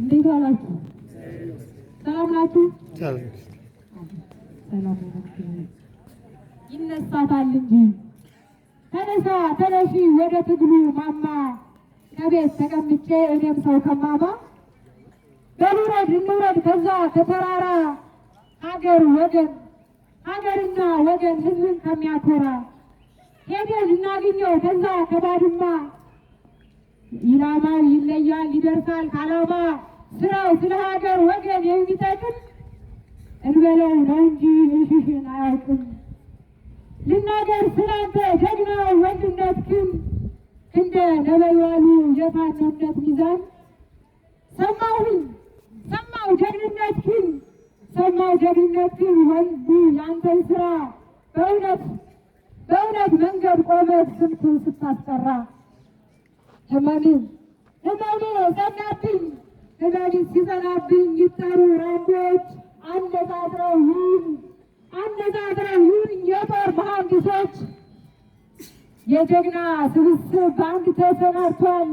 እንዴት ዋላችሁ? ሰላም ናችሁ? ይነሳታል እንጂ ተነሳ ተነሺ ወደ ትግሉ ማማ ከቤት ተቀምጬ እኔም ሰው ከማማ በሉረድ እንውረድ ከዛ ከተራራ ሀገር ወገን ሀገርና ወገን ህዝብን ከሚያኮራ ሄደን እናግኘው ከዛ ከባድማ ይላማል ይለያል ይደርሳል ካላማ ስራው ስለ ሀገር ወገን የሚጠቅም እንበለው ነው እንጂ ምሽሽን አያውቅም። ልናገር ስላንተ ጀግናው ወንድነት ግን እንደ ነበልባሉ የማንነት ሚዛን ሰማሁኝ ሰማው ጀግንነት ግን ሰማው ጀግንነት ግን ወንዱ ያንተን ስራ በእውነት በእውነት መንገድ ቆመት ስንቱ ስታስጠራ ህመሜ ህመሜ ጸናብኝ እነዚህ ሲዘናብኝ ይጠሩ ወንዶች አነጣጥረው ይሁን አነጣጥረው ይሁን የጦር መሐንዲሶች የጀግና ስብስብ በአንድ ተሰናድቷል።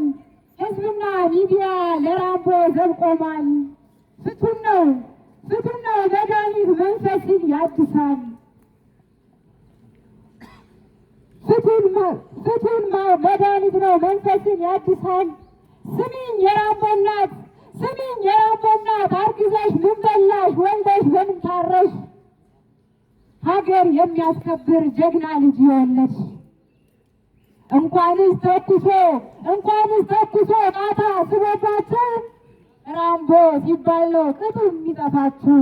ህዝብና ሚዲያ ለራምቦ ዘብቆማል። ፍቱን ነው ፍቱን ነው መድኃኒት መንፈስን ያድሳል። ፍቱን መድኃኒት ነው መንፈስን ያድሳል። ስሚኝ የራምቦ እናት ስሚኝ የራቶ እናት አርግዘሽ ልንበላሽ ወልደሽ በምንታረሽ ሀገር የሚያስከብር ጀግና ልጅ የወለች እንኳንስ ተኩሶ እንኳንስ ተኩሶ ጣታ ስቦባችን ራምቦ ሲባል ነው ቅጡ የሚጠፋችሁ።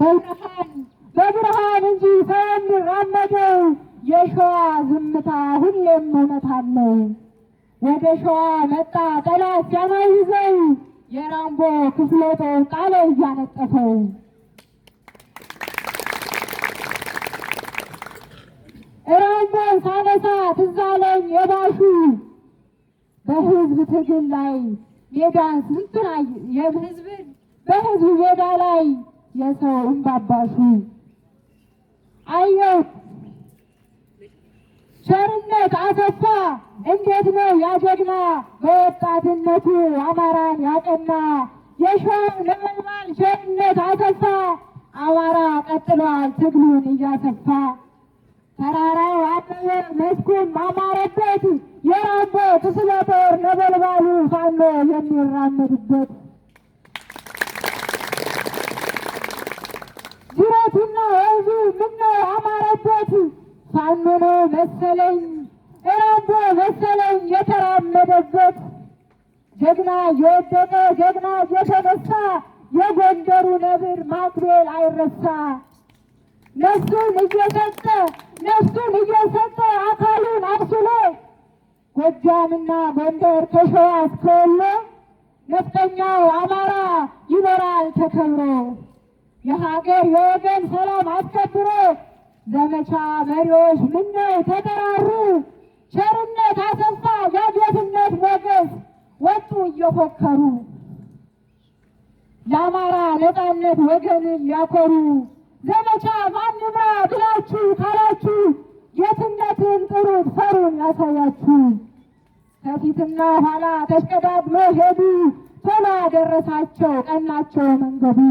በብርሃን በብርሃን እንጂ ሰው የሚራመደው የሸዋ ዝምታ ሁሌም እውነት አለው። ወደ ሸዋ መጣ ጠላት ጃማ ይዘው የራምቦ ክፍለ ጦር ቃለ እያነጠፈው ራምቦን ሳነሳ ትዛለኝ የባሹ በህዝብ ትግል ላይ ሜዳን ስንቱን የህዝብን በህዝብ ሜዳ ላይ የሰው እምባባሹ አየሁት ቸርነት አሰፋ እንዴት ነው ያጀግና በወጣትነቱ አማራን ያቀና የሸዋው ነበልባል ቸርነት አሰፋ አማራ ቀጥሏል ትግሉን እያሰፋ ተራራው አበበ መስኩም አማረበት የራበ ትስለ ጦር ነበልባሉ ፋኖ የሚራመድበት ተራመደ መሰለኝ እራቦ መሰለኝ የተራመደበት ጀግና የወደቀ ጀግና የተነሳ የጎንደሩ ነብር ማክቤል አይረሳ። ነፍሱን እየሰጠ ነፍሱን እየሰጠ አካሉን አብስሎ ጎጃምና ጎንደር ከሸዋ እስከ ወሎ ነፍጠኛው አማራ ይኖራል ተከብሮ የሀገር የወገን ሰላም አስከብሮ ዘመቻ መሪዎች ምነው ተጠራሩ፣ ቸርነት አሰፋ፣ ዳግመኝነት ሞገስ ወጡ እየፎከሩ ለአማራ ነፃነት ወገንን ያኮሩ ዘመቻ ማን ብላችሁ ካላችሁ የትነትን ጥሩት ፈሩን ያሳያችሁ። ከፊትና ኋላ ተሽቀዳድሞ ሄዱ ቶሎ ደረሳቸው ቀናቸው መንገዱ።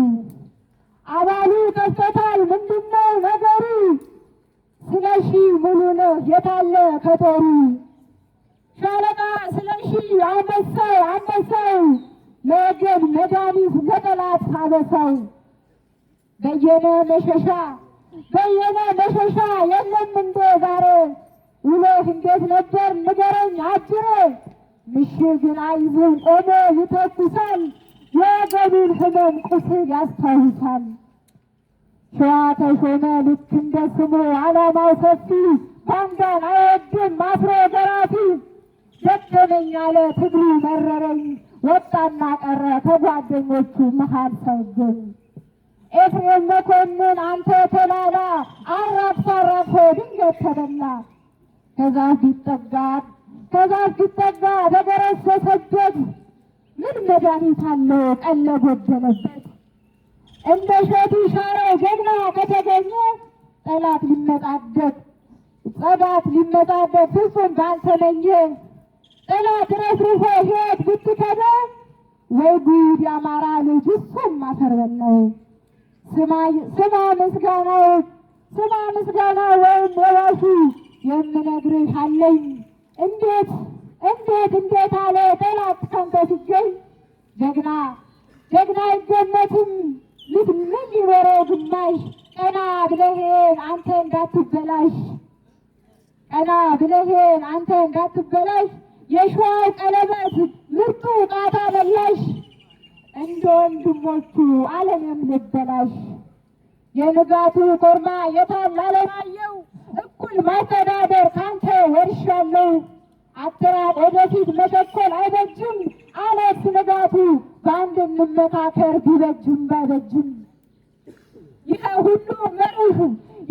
አባሉ ይቀጠታል። ምንድነው ነገሩ? ስለሺ ሙሉ ነው የታለ ከጦሩ ሻለቃ ስለሺ አንበሳው አንበሳው ለወገን መድኃኒት ለጠላት አበሳው በየነ መሸሻ በየነ መሸሻ የለም እንደ ዛሬ ውሎህ እንዴት ነበር ንገረኝ አጅሬ ምሽግን አይዞን ቆሞ ይተኩሳል የወገኑን ህመም ቁስል ያስታውሳል። ሸዋ ተሾመ ልክ እንደ ስሙ ዓላማው ሰፊ ኮንዶን አይወድም አፍሮ ገራፊ። ደከመኝ አለ ትግሉ መረረኝ ወጣና ቀረ ከጓደኞቹ መሃል ሰውግን ኤፍሬም መኮንን አንተ ተላላ አራግፎ አራግፎ ድንገት ተበላ። ከዛፍ ቢጠጋ ከዛፍ ቢጠጋ ተገረሰሰበት ምን መድኃኒት አለው ቀለ ለጎደለበት እንደ እሸቱ ሳረው ጀግና ከተገኘ ጠላት ሊመጣበት ጸዳት ሊመጣበት ፍጹም ባልተለየ ጠላት ረፍርፎ ሕይወት ብትከደ ወይ ጉድ የአማራ ልጅ እሱም ማሰርበን ነው። ስማ ምስጋናው ስማ ምስጋና ወይም የራሱ የምነግርሽ አለኝ። እንዴት እንዴት እንዴት አለ ጠላት ከንተ ሲገኝ ጀግና ጀግና አይገመትም። ይድልን ይኖረው ግማሽ ቀና ብለህን አንተ እንዳትበላሽ ቀና ብለህን አንተ እንዳትበላሽ የሸዋው ቀለበት ምርጡ ጣታ መላሽ እንደ ወንድሞቹ ዓለምም ልበላሽ የንጋቱ ኮርማ የታም ላለማየው እኩል ማስተዳደር ካንተ ወርሻለው አትራቅ ወደፊት መቸኮል አይበጅም። አለት ንጋቱ በአንድ እንመካከር ቢበጅም ባይበጅም። ይሄ ሁሉ መርህ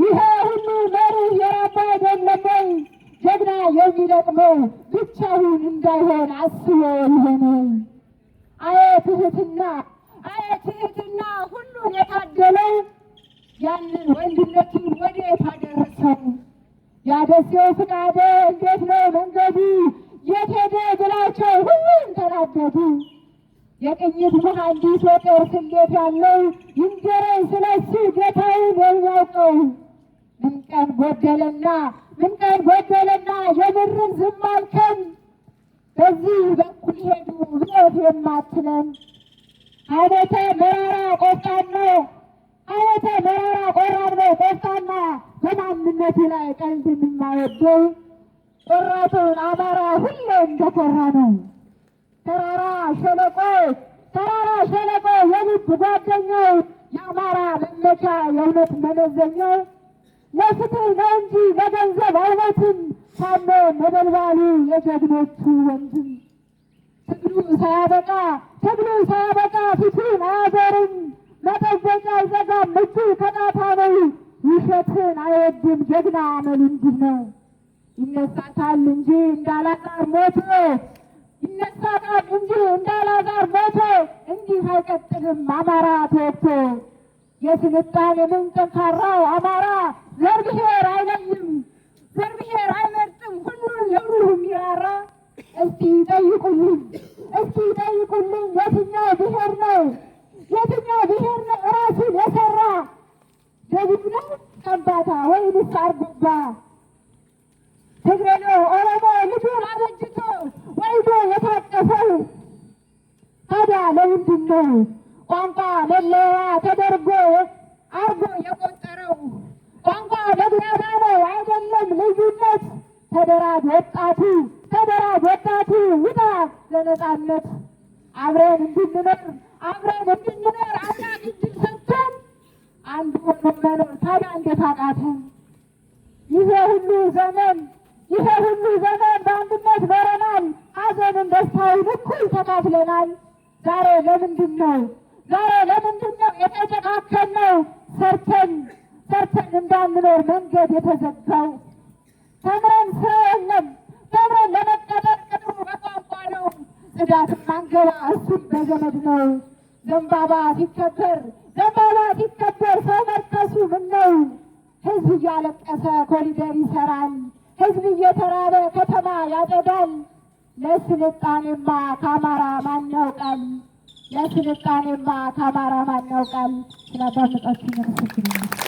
ይሄ ሁሉ መሪ የራባ አይደለም ወይ? ጀግና የሚለቅመው ብቻውን እንዳይሆን አስቦ ይሆነ። አየ ትህትና፣ አየ ትህትና ሁሉ የታደለው ያንን ወንድነቱን ወዴት አደረሰው? ያደሴው ፍቃደ እንዴት ነው መንገዱ የት ሄደ ብላቸው ሁሉም ተናደዱ። የቅኝት መሐንዲስ የቅርስ እንዴት ያለው ይንገረኝ ስለሱ ጌታዬ የሚያውቀው። ምን ቀን ጎደለና ምን ቀን ጎደለና የምርም ዝም አልከን በዚህ በኩል ሄዱ ብሎት የማትለን አቤተ መራራ ቆፍጣና አቤተ መራራ ቆራብ ነው ቆፍጣና በማንነቱ ላይ ቀልድ የማይወደው ጥረቱን አማራ ሁሌ እንደኮራ ነው። ተራራ ሸለቆ ተራራ ሸለቆ የልብ ጓደኛው የአማራ መለቻ የእውነት መመዘኛው ለፍትህ ነው እንጂ ለገንዘብ አይሞትም። ሳኖ ነበልባሉ የጀግኖቹ ወንድም ትግሉ ሳያበቃ ትግሉ ሳያበቃ ፊቱን አያዞርም። መጠበቅ አይዘጋም እጁ ከጣታ ነው። ውሸትን አይወድም ጀግና አመል እንዲህ ነው። ይነሳታል እንጂ እንዳላዛር ሞቶ ይነሳታል እንጂ እንዳላዛር ሞቶ እንዲህ አይቀጥልም አማራ ተወቶ የስልጣን ምን ጠንካራው አማራ ዘር ብሔር አይለይም፣ ዘር ብሔር አይመርጥም፣ ሁሉን ለሁሉም ይራራ። እስቲ ጠይቁልኝ፣ እስቲ ጠይቁልኝ የትኛው ብሔር ነው የትኛው ብሔር ነው ራሱን የሰራ ደቡብ ነው ጠባታ ወይንስ አርጎባ? ትግሬ ነው ኦሮሞ ልጁን አበጅቶ ወይዶ የታቀፈው ታዲያ ለምንድን ነው ቋንቋ መለያ ተደርጎ አርጎ የቆጠረው? ቋንቋ መግባቢያ ነው አይደለም ልዩነት። ተደራጅ ወጣቱ፣ ተደራጅ ወጣቱ፣ ውጣ ለነፃነት አብረን እንድንኖር አብረን እንድንኖር አምላክ እድል ሰጥቶን አንዱ ሆኖ መኖር ታዲያ እንዴት አቃተን? ይሄ ሁሉ ዘመን ይሄ ሁሉ ዘመን በአንድነት በረናል ሐዘንን ደስታውን እኩል ተካፍለናል። ዛሬ ለምንድን ነው ዛሬ ለምንድን ነው የተጨካከነው? ሰርተን ሰርተን እንዳንኖር መንገድ የተዘጋው ተምረን ስራ የለም። ተምረን ለመቀጠር ቅጥሩ በቋንቋ ነው። ጽዳትም አንገባ እሱም በዘመድ ነው። ዘንባባ ሲከበር ዘንባባ ሲከበር ሰው መርከሱ ምን ነው? ህዝብ እያለቀሰ ኮሪደር ይሰራል። ህዝብ እየተራበ ከተማ ያጨዳል። ለስልጣኔማ ከአማራ ማን ያውቃል? ለስልጣኔማ ከአማራ ማን ያውቃል? ስላዳመጣችሁ ምስክር